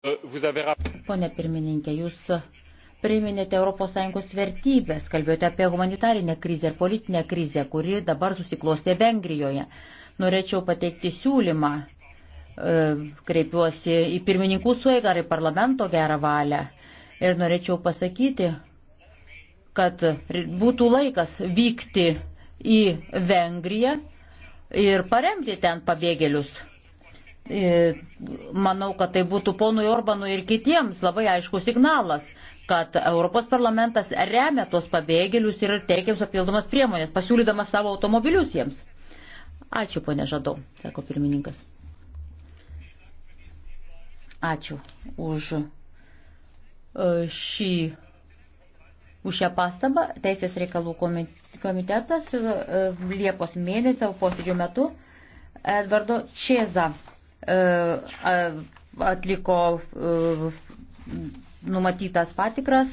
Uh, Pone pirmininkė, jūs priminėte ES vertybės, kalbėjote apie humanitarinę krizę ir politinę krizę, kuri dabar susiklostė Vengrijoje. Norėčiau pateikti siūlymą, uh, kreipiuosi į pirmininkų suėgą ar į parlamento gerą valią ir norėčiau pasakyti, kad būtų laikas vykti į Vengriją ir paremti ten pabėgėlius. E, manau, kad tai būtų ponui Orbanui ir kitiems labai aiškus signalas, kad Europos parlamentas remia tuos pabėgėlius ir teikiams papildomas priemonės, pasiūlydamas savo automobilius jiems. Ačiū, ponė Žadau, sako pirmininkas. Ačiū už e, šį. Už šią pastabą Teisės reikalų komitetas e, Liepos mėnesio posėdžio metu Edvardo Čeza E, atliko e, numatytas patikras.